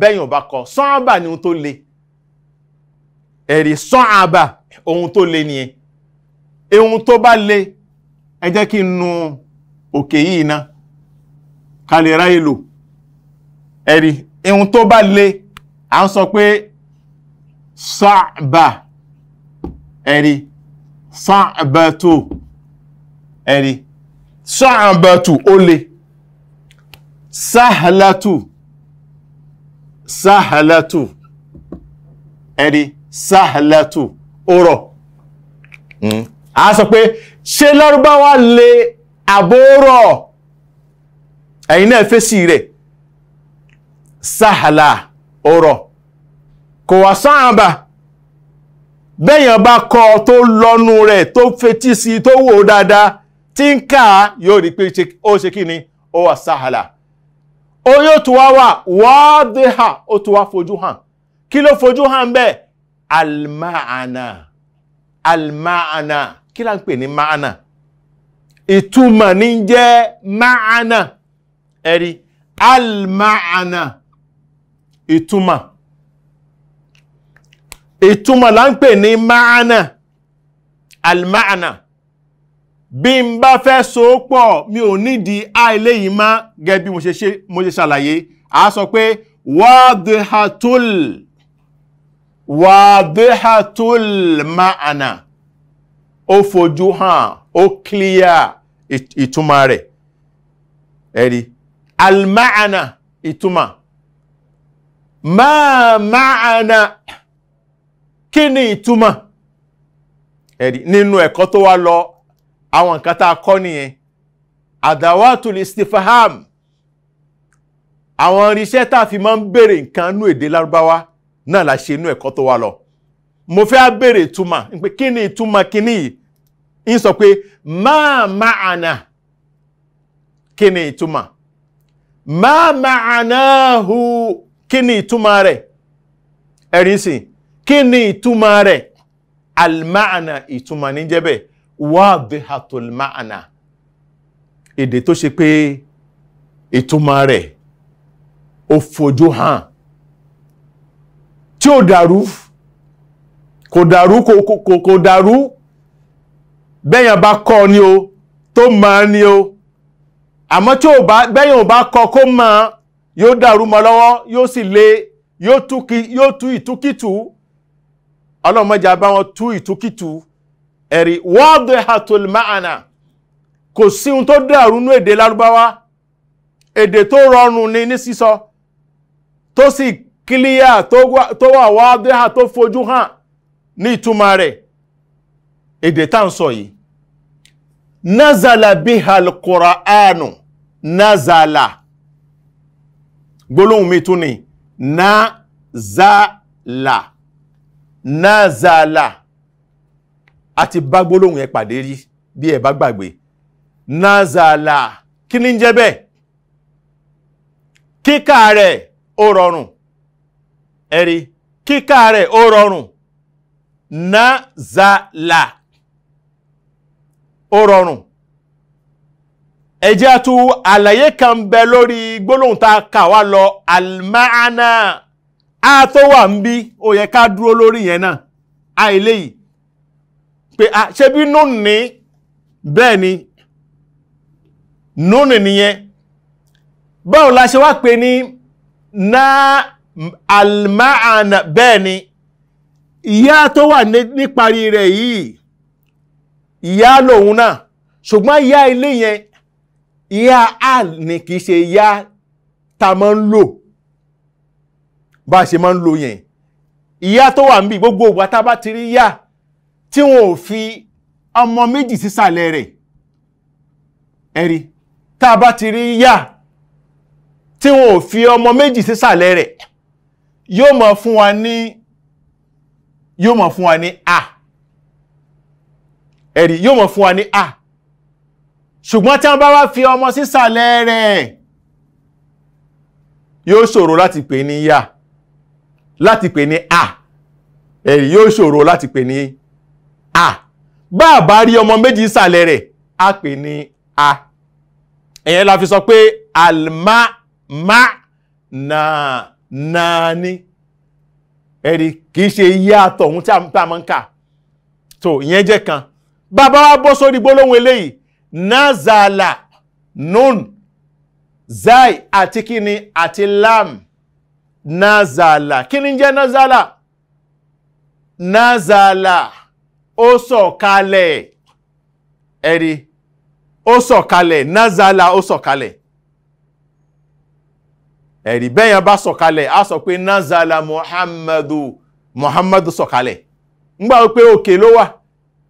bẹ́yàn bá kọ sọ́àbà ni ohun tó le ẹ̀rí sọ́àbà ohun tó le ni ohun tó bá le ẹ jẹ́ kí n nu òkè yìí ná kalẹ̀ ráyè lò ẹ̀rí ihun tó bá le à ń sọ pé sa'ba ẹ̀rí sa'batu ẹ̀rí sa'batu ó le sahlatu sahlatu ẹ̀rí sahlatu ó rọ̀ hmm. à ń sọ pé ṣé lárúbáwá le àbórọ̀ ẹ̀yin náà fèsì rẹ̀ sáhàlà ọ̀rọ̀ kò wá sáàbà bẹ́yàn bá kọ tó lọ́nu rẹ̀ tó fetí sí tó wò dáadáa tí ń kà á yóò rí pé ó ṣe kí ni ó wà sáhàlà ó yóò tún wá wà wádìhà ó tún wá fojú hàn kí ló fojú hàn bẹ́ẹ̀ almaana almaana kí la ń pè ní maana ìtumọ̀ ní jẹ́ maana ẹ̀rí almaana ìtumọ̀ ìtumọ̀ là ń pè ní máàna almáàna bí n bá fẹ́ so pọ̀ mi ò nídìí àìlè yìí má gẹ́gẹ́ bí mo ṣe ṣàlàyé a sọ pé wàdìhàtúl wàdìhàtúl máàna ó fojú hàn ó clear ìtumọ̀ rẹ̀ ẹ̀rí almáàna ìtumọ̀ máa máàna kí ni ìtumọ̀ ẹ̀rí nínú ẹ̀kọ́ tó wá lọ àwọn nǹkan tá a kọ́ nìyẹn adawatul istifaham àwọn irinṣẹ́ tá a fi máa ń béèrè nǹkan nú èdè lárúbáwá náà la ṣe inú ẹ̀kọ́ tó wá lọ mo fẹ́ béèrè ìtumọ̀ pé kí ni ìtumọ̀ kíní yìí ń sọ pé máa máàna kí ni ìtumọ̀ máa hu. kí ni ìtumọ̀ rẹ̀ ẹ̀rí sìn kí ni ìtumọ̀ rẹ̀ almaana ìtumọ̀ ní jẹ́bẹ̀ wadihatul maana èdè tó ṣe pé ìtumọ̀ rẹ̀ ó fojú hàn tí ó dàrú kò dàrú kò dàrú bẹ́yàn bá kọ́ ni o tó máa ni o àmọ́ tí ó bá bẹ́yàn bá kọ́ kó máa yóò dàrú mọ́ lọ́wọ́ yóò sì le yóò tú ìtúkìtù ọlọ́mọjà bá wọn tú ìtúkìtù ẹ̀rí wadihatul ma'ana kò sí ohun tó dàrú nú èdè lárúbáwá èdè tó rọrùn ni ní sísọ tó sì kílíyà tó wà wadiha tó fojú hàn ní ìtumọ̀ rẹ̀ èdè tá ń sọ yìí nazala bihal qur'anu nazala gbólóhùn mi tún ni nazala nazala a ti bá gbólóhùn ẹ pàdé rí bí ẹ bá gbàgbé nazala kí ní jẹ́ bẹ́ẹ̀ kíkà rẹ̀ ó rọrùn ẹ̀rí kíkà rẹ̀ ó rọrùn nazala ó rọrùn ẹjẹ́ àtú àlàyé kan bẹ lórí gbólóhùn tá a kà wá lọ almaana a tó wà ń bí ó yẹ ká dúró lórí yẹn náà a eléyìí pé a ṣe bí nùnì ní bẹ́ẹ̀ ni nùnì nìyẹn báwo la ṣe wá pè ní ná almaana bẹ́ẹ̀ ni ìyá tó wà níparí rẹ̀ yìí ìyá lòun náà ṣùgbọ́n ìyá ilé yẹn yá al ni kì í ṣe yá ta máa ń lò bá a ṣe máa ń lò yẹn ìyá tó wà níbi gbogbo ìgbà tá a bá ti rí yá tí wọn ò fi ọmọ méjì sísàlẹ̀ rẹ̀ ẹ̀rí tá a bá ti rí yá tí wọn ò fi ọmọ méjì sísàlẹ̀ rẹ̀ yóò máa fún wa ní yóò máa fún wa ní a ẹ̀rí yóò máa fún wa ní a ṣùgbọ́n tí wọ́n bá wá fi ọmọ sísàlẹ̀ rẹ̀ yóò ṣòro láti pè ní yà láti pè ní à ẹ̀rí yóò ṣòro láti pè ní à bá a bá rí ọmọ méjì sísàlẹ̀ rẹ̀ á pè ní a ẹ̀yẹn la fi sọ pé alma ma na na ni ẹ̀rí kìí ṣe yá àtọ̀hún tí a máa ń kà tó ìyẹn jẹ́ kan bàbá wa bọ́ sórí gbólóhùn eléyìí nazala nun zai àti kíni àti lam nazala kíni jẹ́ nazala nazala ó sọ̀kalẹ̀ ẹ̀rí ó sọ̀kalẹ̀ nazala ó sọ̀kalẹ̀ ẹ̀rí bẹ́yàn bá sọ̀kalẹ̀ a sọ pé nazala muhammadu muhammadu sọ̀kalẹ̀ ngbà wípé òkè ló wà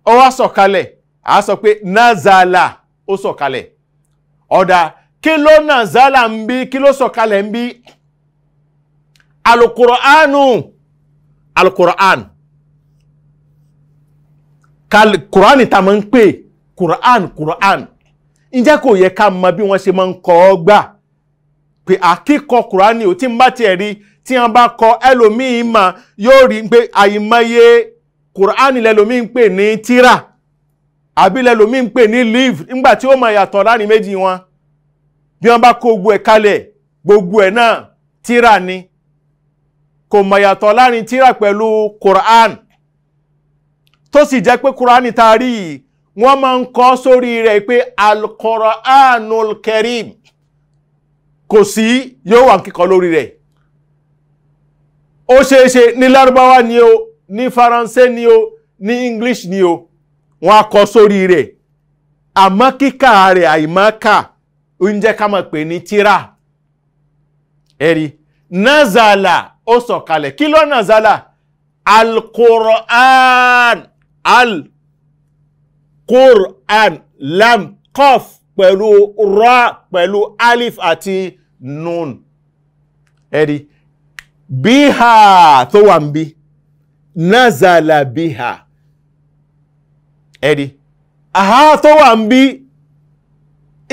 ó wá sọ̀kalẹ̀ a sọ pé nazala ó sọ̀kalẹ̀ ọ̀dà kí nazala ń bí kí ló sọ̀kalẹ̀ ń bí alukuraanu alukuraan kuraani ta máa ń pè kuraan kuraan ǹjẹ́ kò yẹ ká mọ bí wọ́n ṣe máa ń kọ́ ọ gbà pé àkíkọ kuraani ò tí ń bá tiẹ̀ rí tí wọ́n bá kọ ẹlòmíín mà yóò rí pé kuraani lẹlòmíín àbílẹ̀ lomi ń pè ní live nígbà tí ó máa yàtọ̀ láàrin méjì wọn bí wọ́n bá kó gbogbo ẹ̀ kalẹ̀ gbogbo ẹ̀ náà tíra ni kò máa yàtọ̀ láàrin tíra pẹ̀lú Quran tó sì jẹ́ pé Quran ta rí yìí wọ́n máa ń kọ́ sórí rẹ̀ pé Karim kò sí yóò wà kíkọ lórí rẹ̀ ó ṣeéṣe ní lárúbáwá ni o ní faransé ni o ní English ni o. wọ́n á kọ sórí rẹ̀ àmọ́ kíkà rẹ̀ àìmọ́kà ó ń jẹ́ ká mọ̀ pé ní tíra ẹ̀rí nazala ó sọ̀kalẹ̀ kí ló nazala alquran alquran lam qaf pẹ̀lú ra pẹ̀lú alif àti nun ẹ̀rí bíhà tó wà ń bí nazala bíhà ẹ̀rí àhá tó wà ń bí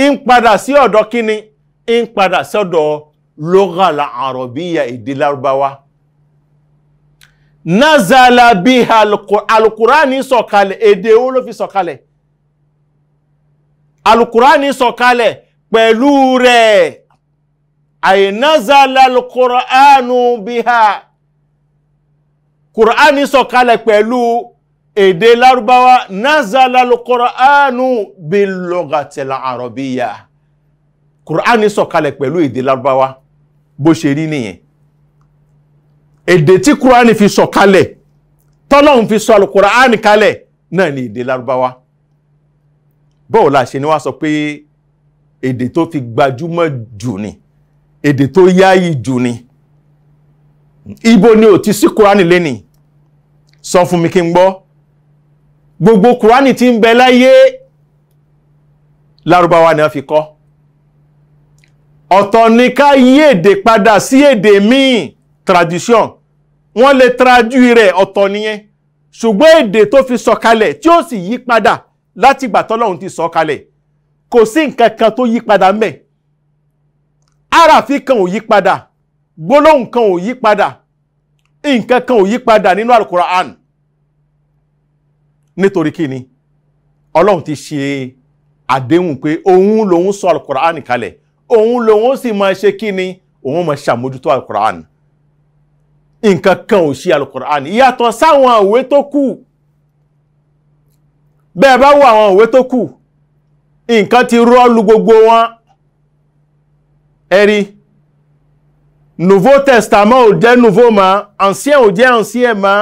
ń padà sí ọ̀dọ̀ kíni ń padà sọ́dọ̀ lọ́gàlà àrọ̀bíyà èdè lárúbáwá nazala bí alukurani sọ̀kalẹ̀ èdè owó ló fi sọ̀kalẹ̀ alukurani sọ̀kalẹ̀ pẹ̀lú rẹ̀ àìnazala alukurani bí ha kurani sọ̀kalẹ̀ pẹ̀lú rẹ̀ èdè lárúbáwá nazala al-Qur'anu bil-lughatil arabiyya kùránì sọ̀kalẹ̀ pẹ̀lú èdè lárúbáwá bó ṣe rí nìyẹn èdè tí kùránì fi sọ̀kalẹ̀ tọ́lọ́hun fi sọ al-Qur'ani kalẹ̀ náà ni èdè lárúbáwá bọ́ọ̀ la ṣe ni wá sọ pé èdè tó fi gbajúmọ̀ jù ni èdè tó yáyì jù ni ibo ni ò ti sí kùránì lẹ́nìí sọ fún mi kí n gbọ́ gbogbo kùránì tí ń bẹ láyé lárúbáwá ni wọ́n fi kọ́ ọ̀tọ̀ ni ká yí èdè padà sí èdè míì tradition wọ́n lè trajú rẹ̀ ọ̀tọ̀ nìyẹn ṣùgbọ́n èdè tó fi sọ kalẹ̀ tí ó sì yí padà láti ìgbà tọ́lọ́run ti sọ kalẹ̀ kò sí nǹkan kan tó yí padà ńbẹ̀ àràfí kan ò yí padà gbólóhùn kan ò yí padà nǹkan kan ò yí padà nínú Al-Qur'an nítorí kí ni ọlọ́run ti ṣe àdéhùn pé òun lòun sọ alukur'an kalẹ̀ òun lòun sì máa ṣe kí ni òun máa ṣàmójútó alukur'an nǹkan kan ò ṣe alukur'an yàtọ̀ sáwọn òwe tó kù bẹ́ẹ̀ bá wo àwọn òwe tó kù nǹkan ti rọ́ọ̀lù gbogbo wọn ẹ̀rí nouveau testament ò jẹ́ nouveau mọ́ ancien ò jẹ́ ancien ma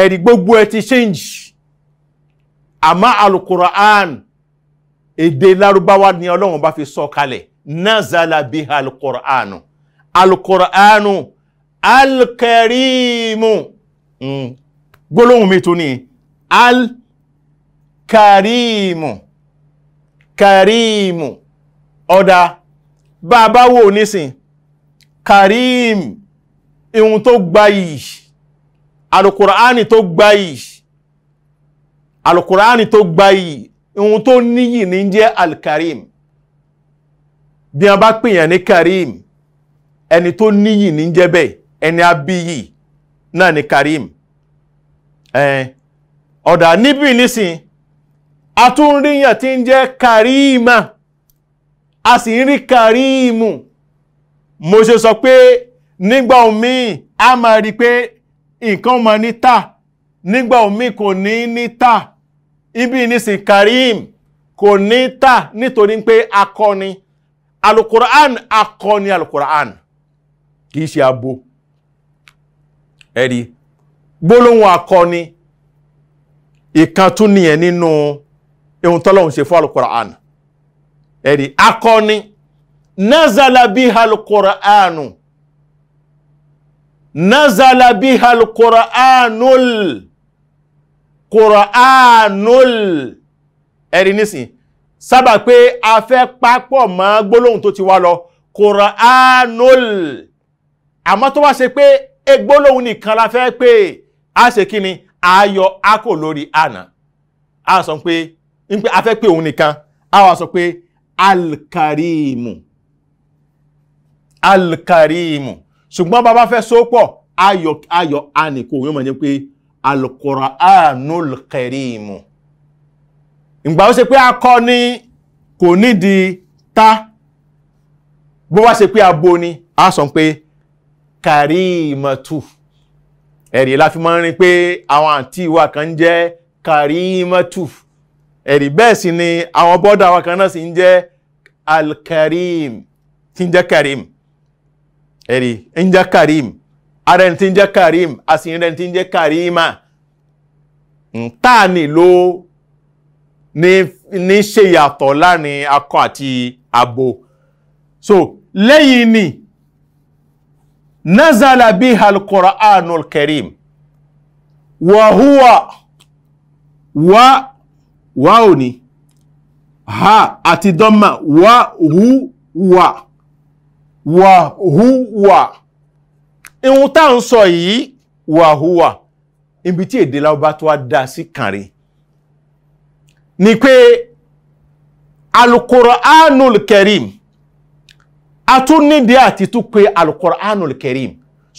ẹ̀rí gbogbo ẹ ti change àmọ́ alukura'an èdè lárúbáwá ni ọlọ́run bá fi sọ kalẹ̀ nazala biha alukura'anu alukura'anu alkarimu hmm. gbólóhùn mi tó ní alkarimu karimu ọ̀dá bàbá wò nísìn karim ihun tó gbayì alukur'ani tó gbayì alukur'ani tó gbayì ohun tó níyì ní jẹ́ alkarim bí a bá pèèyàn ní karim ẹni tó níyì ní jẹ́ bẹ́ẹ̀ ẹni abiyì náà ni karim ọ̀dà níbi nísìn a tí ń jẹ́ karima a sì ń rí karimu mo ṣe sọ pé nígbà omi a máa rí pé nǹkan máa ní tà nígbà omi kò ní ní tà ibi ìnísìn karim kò ní tà nítorí pé akọni alukur'an akọni alukuraan, kì í ṣe abo ẹ̀rí gbólóhùn akọni ìkan tún nìyẹn nínú ohun tọ́lọ́hun ṣe fún alukur'an ẹ̀rí akọni nazala biha nazala biha al-Qur'anul Qur'anul ẹ̀rí nísìn sábà pé a fẹ́ papọ̀ mọ́ gbólóhùn tó ti wá lọ Qur'anul àmọ́ tó wá ṣe pé egbólóhùn nìkan la fẹ́ pé a ṣe kí ni ayọ̀ akò lórí a sọ pé ń pé a fẹ́ pé òun nìkan a wá sọ pé alkarimu alkarimu ṣùgbọ́n bàbá fẹ́ so pọ̀ ayọ̀ ayọ̀ ànìkò yóò mọ̀ ní pé al-Qur'anul Karim ìgbà ó ṣe pé akọni kò nídìí ta bó wá ṣe pé abo ni a sọ pé karimatu ẹ̀rí la fi máa ń pé àwọn àǹtí wa kan jẹ́ karimatu ẹ̀rí bẹ́ẹ̀ sì ni àwọn bọ́dà wa kan náà sì ń jẹ́ alkarim tí ń jẹ́ karim ẹ̀rí ń jẹ́ karim ara ẹni tí ń jẹ́ karim a sì ń rẹ́ni tí ń jẹ́ karima táàní ló ní ṣe yàtọ̀ láàrin akọ àti abo so lẹ́yìn ni nazala biha al-Qur'anul Karim wa huwa wa wa oni ha àti dọ́mà wa hu wàhúwà ihun tá à ń sọ yìí wàhúwà ibi tí èdè lábá tó wá dá sí kàrí ni pé alukoranul kerim a tún nídìí àti tún pé alukoranul kerim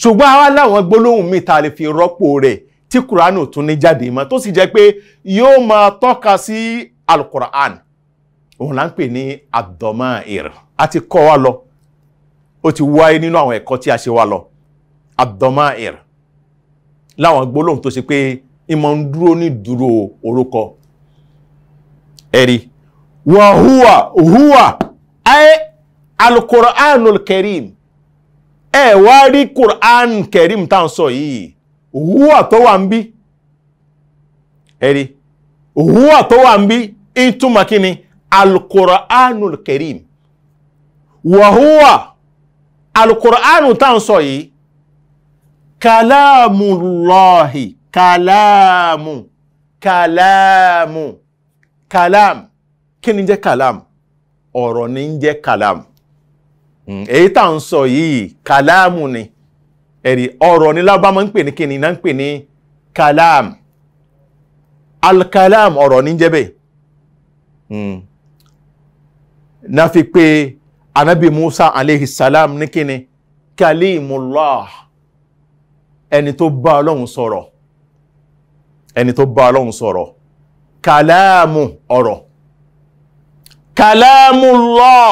ṣùgbọ́n àwa láwọn gbólóhùn mi ta lè fi rọ́pò rẹ̀ tí kuranu tún ní jáde mọ́ tó sì jẹ́ pé yóò máa tọ́ka sí alukoran òun là ní abdomir àti kọ́ wa lọ ó ti wáyé nínú àwọn ẹ̀kọ́ tí a ṣe wá lọ abdomahir láwọn gbólóhùn tó ṣe pé ìmọ̀ ń dúró ní dúró orúkọ ẹ̀rí wa huwa huwa ayé alukur'anul kerim ẹ wá rí kur'an kerim tá à sọ yìí huwa tó wà ń bí ẹ̀rí huwa tó wà ń bí ìtumọ̀ kí ni alukur'anul kerim wa huwa alukur'anu táwọn sọ yìí kàláàmù lọ́ọ̀hì kàláàmù kàláàmù kàláàmù kí ni jẹ́ kàláàmù ọ̀rọ̀ ni ń jẹ́ kàláàmù hmm, èyí táwọn sọ yìí kàláàmù ni ẹ̀rí ọ̀rọ̀ ni lábá ń pè ní kíni náà ń pè ní kàláàmù alkàláàmù ọ̀rọ̀ ni ń jẹ́ bẹ́ẹ̀ hmm. náà fi pé anabi musa aleyhi salam ní kíni kalimullah ẹni tó bá ọlọ́run sọ̀rọ̀ ẹni tó bá ọlọ́run sọ̀rọ̀ kàlámù ọ̀rọ̀ kalamullah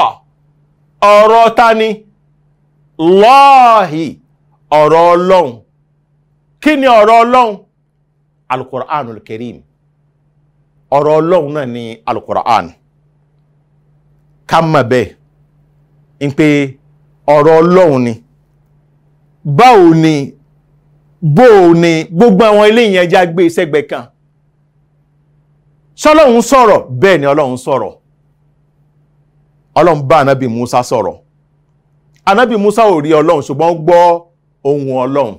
ọ̀rọ̀ tani lọ́ọ̀hì ọ̀rọ̀ ọlọ́run kí ni ọ̀rọ̀ ọlọ́run alukur'anul karim ọ̀rọ̀ ọlọ́run náà ni alukur'an kama bẹ́ẹ̀ ń pé ọ̀rọ̀ ọlọ́run ni báwo ni bó o ni gbogbo àwọn ilé yẹn já gbé sẹ́gbẹ̀ kan ṣọlọ́run sọ̀rọ̀ bẹ́ẹ̀ ni ọlọ́run sọ̀rọ̀ ọlọ́run bá anábì Musa sọ̀rọ̀ anábì Musa ò rí ọlọ́run ṣùgbọ́n gbọ́ ohun ọlọ́run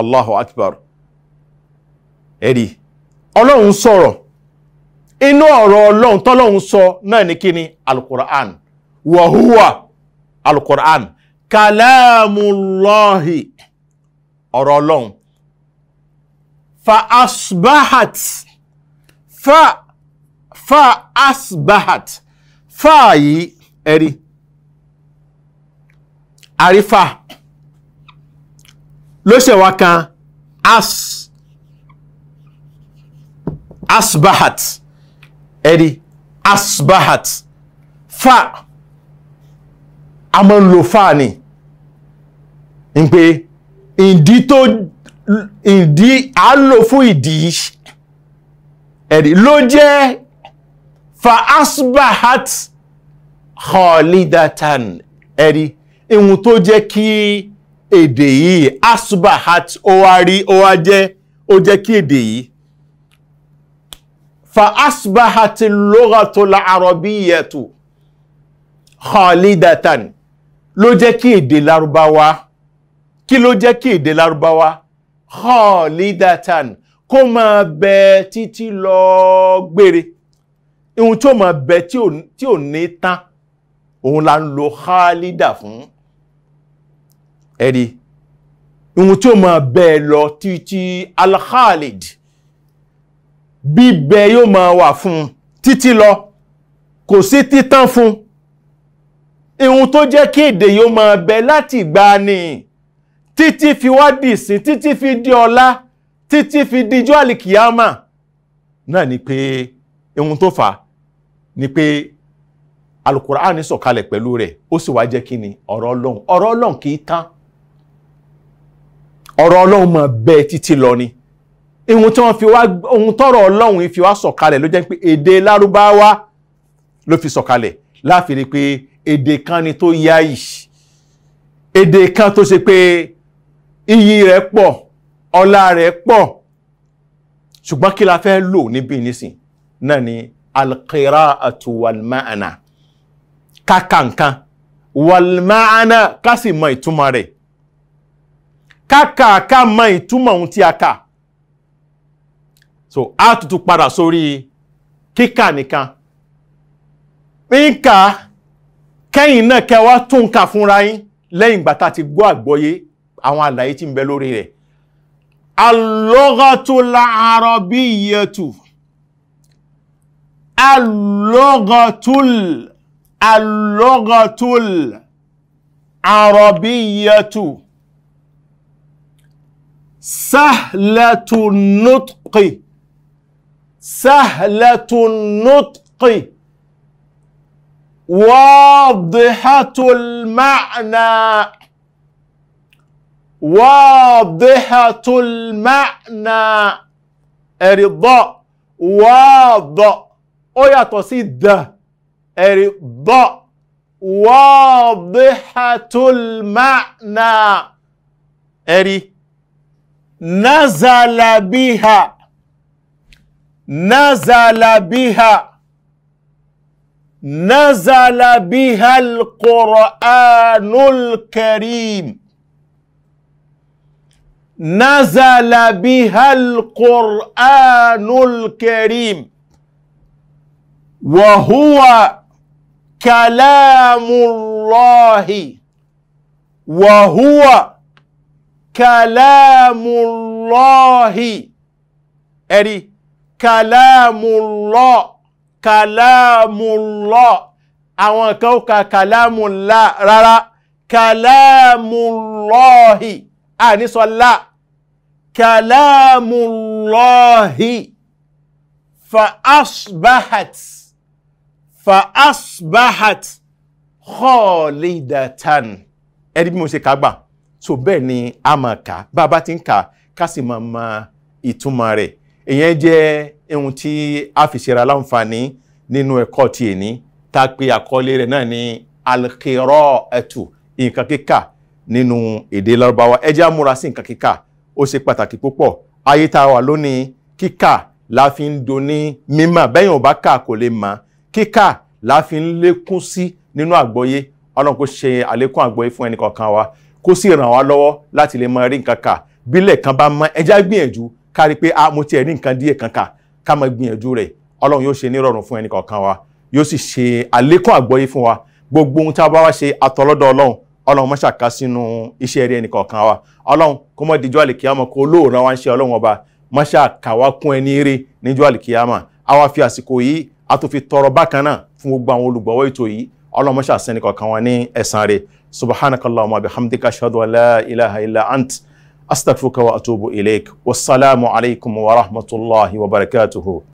Allahu Akbar ẹ̀rí ọlọ́run sọ̀rọ̀ inú ọ̀rọ̀ ọlọ́run tọ́lọ́run sọ náà ní kíni Al-Qur'an wa alukur'an kàlámùlọ́hì ọ̀rọ̀ ọlọ́run fa asbahat fa fa asbahat fa yìí ẹ̀rí àrífà ló ṣẹ̀wá kan as asbahat ẹ̀rí asbahat fa a máa ń lo fáà ni n pé ìdí tó ìdí à ń lò fún ìdí ẹ̀rí ló jẹ́ fa asbahat khalidatan ẹ̀rí ihun tó jẹ́ kí èdè yìí asbahat ó wá rí ó wá jẹ́ ó jẹ́ kí èdè yìí fa asbahat al-lughatu al-arabiyyatu khalidatan ló jẹ́ kí èdè lárúbáwá kí ló jẹ́ kí èdè lárúbáwá khalidatan kó máa bẹ títí lọ gbére ohun tí ó máa bẹ tí ò ní tán òun la ń lo khalida fún ẹ̀rí ohun tí ó máa bẹ lọ títí alkhalid bíbẹ yóò máa wà fún títí lọ kò sí títán fún ìhun tó jẹ́ kí èdè yìí ó máa bẹ láti ìgbà ni títí fi wá dì sí títí fi di ọlá títí fi di ijó àlìkìyàmà náà ni pé ìhun tó fà á ni pé alukur'an sọ̀kalẹ̀ pẹ̀lú rẹ̀ ó sì wá jẹ́ kí ni ọ̀rọ̀ ọlọ́run ọ̀rọ̀ ọlọ́run kì í tán ọ̀rọ̀ ọlọ́run máa bẹ títí lọ ni ìhun tí wọ́n fi wá ohun tọ́rọ̀ ọlọ́run fi wá sọ̀kalẹ̀ ló jẹ́ pé èdè lárúbáwá ló fi sọ̀kalẹ̀ láfi rí pé èdè kan ni tó yáyì èdè kan tó ṣe pé iyì rẹ̀ pọ̀ ọlá rẹ̀ pọ̀ ṣùgbọ́n kí la fẹ́ lò níbi nísìn náà ni alqira'atu walma'ana káka nǹkan walma'ana ká sì mọ ìtumọ̀ rẹ̀ káka ká mọ ìtumọ̀ ohun tí a kà so a tutu padà sórí kíkà nìkan nǹkan kẹ́yìn náà kẹ́ wá tún kà fúnra yín lẹ́yìn ìgbà tá a ti gbọ́ àgbọ́yé àwọn àlàyé tí ń bẹ lórí rẹ̀ al-lughatul arabiyyatu sahlatun nutqi sahlatun nutqi واضحة المعنى واضحة المعنى أرضاء واض او يا تصيد أرضاء واضحة المعنى اري نزل بها نزل بها نزل بها القرآن الكريم نزل بها القرآن الكريم وهو كلام الله وهو كلام الله أري كلام الله kàlámùlọ́ àwọn kan ó ka kàlámùlá rárá kàlámùlọ́hì àníṣọ́lá kàlámùlọ́hì fa'asbahat fa'asbahat khalidatan ẹ̀rí bí mo ṣe kàgbà so bẹ́ẹ̀ ni a máa kà bá bá ti ń ká sì máa ìtumọ̀ rẹ̀ ìyẹn jẹ́ ohun tí a fi ṣera láǹfààní nínú ẹ̀kọ́ ti èní tá a pe àkọlé rẹ̀ náà ní al-qira'atu nǹkan kíkà nínú èdè lárúbáwá ẹ jẹ́ á múra sí nǹkan kíkà ó ṣe pàtàkì púpọ̀ ayé tá a wà lónìí kíkà la fi ń do ní mímọ̀ bẹ́yìn ò bá kà kò lè mọ̀ kíkà la fi ń lékún sí nínú àgbọ́yé ọlọ́run kò ṣe àlékún àgbọ́yé fún ẹnìkọ̀ọ̀kan wa kó sì ràn wá lọ́wọ́ láti lè máa rí nǹkan kà bílẹ̀ kan bá mọ́ ẹjá gbìyànjú kárí pé a ah, mo tiẹ̀ ní nǹkan díẹ̀ kankan ká máa gbìyànjú rẹ̀ ọlọ́run yóò ṣe nírọ̀rùn fún ẹnì kọ̀ọ̀kan wa yóò sì ṣe àlékún àgbọ́yé fún wa gbogbo ohun tá a bá wá ṣe àtọlọ́dọ̀ ọlọ́run ọlọ́run má ṣàká sínú iṣẹ́ rẹ̀ ẹnì kọ̀ọ̀kan wa ọlọ́run kó mọ̀ díjọ́ àlìkíyàmọ̀ kó lóòrán wa ń ṣe ọlọ́run ọba má ṣàká wá kún ẹni eré níjọ́ àlìkíyàmọ̀ àwa fi àsìkò yìí a tó fi tọrọ bákan náà fún gbogbo àwọn olùgbọ́wọ́ ètò yìí ọlọ́run má ṣàṣẹ́ni kọ̀ọ̀kan wa ní ẹ̀san rẹ̀ subhanakallahumma bihamdika ashhadu أستغفرك وأتوب إليك والسلام عليكم ورحمة الله وبركاته